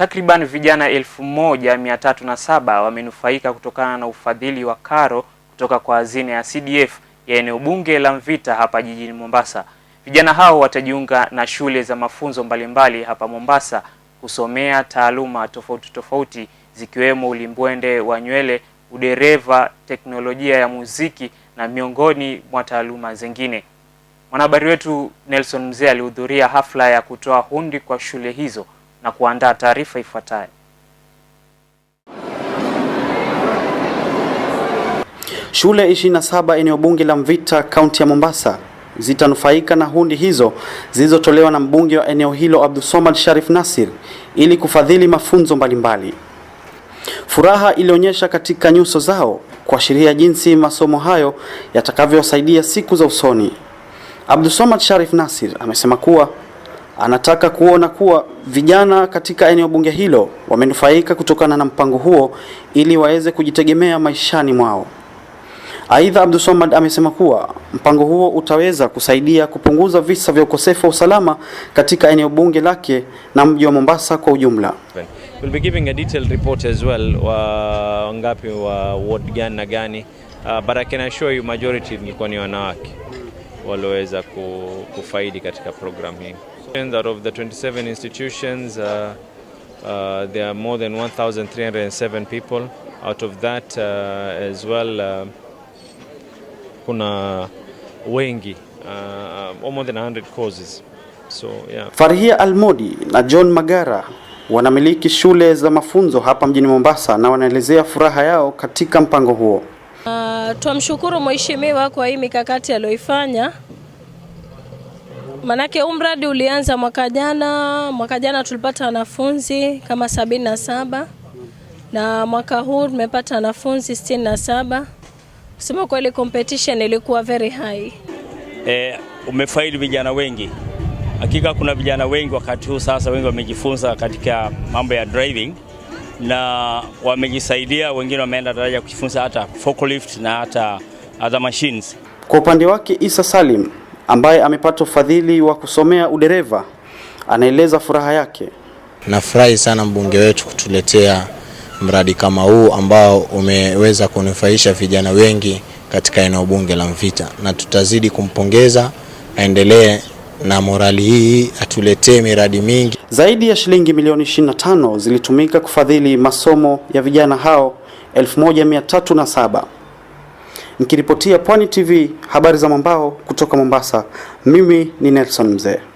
Takriban vijana elfu moja mia tatu na saba wamenufaika kutokana na ufadhili wa karo kutoka kwa hazina ya CDF ya eneo bunge la Mvita hapa jijini Mombasa. Vijana hao watajiunga na shule za mafunzo mbalimbali hapa Mombasa kusomea taaluma tofauti tofauti zikiwemo ulimbwende wa nywele, udereva, teknolojia ya muziki na miongoni mwa taaluma zingine. Mwanahabari wetu Nelson Mzee alihudhuria hafla ya kutoa hundi kwa shule hizo na kuandaa taarifa ifuatayo. Shule 27 eneo bunge la Mvita kaunti ya Mombasa zitanufaika na hundi hizo zilizotolewa na mbunge wa eneo hilo Abdulsomad Sharif Nasir ili kufadhili mafunzo mbalimbali. Furaha ilionyesha katika nyuso zao kuashiria jinsi masomo hayo yatakavyowasaidia siku za usoni. Abdulsomad Sharif Nasir amesema kuwa anataka kuona kuwa vijana katika eneo bunge hilo wamenufaika kutokana na mpango huo ili waweze kujitegemea maishani mwao. Aidha, Somad amesema kuwa mpango huo utaweza kusaidia kupunguza visa vya ukosefu wa usalama katika eneo bunge lake na mji wa Mombasa kwa ujumla. We'll be giving a detailed report as well wa ngapi wa ward gani na gani uh, but I can assure you majority ilikuwa ni wanawake walioweza kufaidi katika program hii. Out of the 27 institutions, uh, uh, there are more than 1,307 people. Out of that uh, as well, uh, kuna wengi uh, more than 100 causes. So, yeah. Farhia Almodi na John Magara wanamiliki shule za mafunzo hapa mjini Mombasa na wanaelezea furaha yao katika mpango huo. Uh, twamshukuru mheshimiwa kwa hii mikakati aliyoifanya Manake huu mradi ulianza mwaka jana. Mwaka jana tulipata wanafunzi kama sabini na saba na mwaka huu tumepata wanafunzi sitini na saba. Kusema kweli, competition ilikuwa very high. E, umefaidi vijana wengi. Hakika kuna vijana wengi wakati huu sasa, wengi wamejifunza katika mambo ya driving na wamejisaidia, wengine wameenda daraja kujifunza hata forklift na hata other machines. Kwa upande wake Isa Salim ambaye amepata ufadhili wa kusomea udereva anaeleza furaha yake. Nafurahi sana mbunge wetu kutuletea mradi kama huu ambao umeweza kunufaisha vijana wengi katika eneo bunge la Mvita, na tutazidi kumpongeza aendelee na morali hii, atuletee miradi mingi. Zaidi ya shilingi milioni 25 zilitumika kufadhili masomo ya vijana hao 1307. Nikiripotia Pwani TV habari za mwambao kutoka Mombasa, mimi ni Nelson Mzee.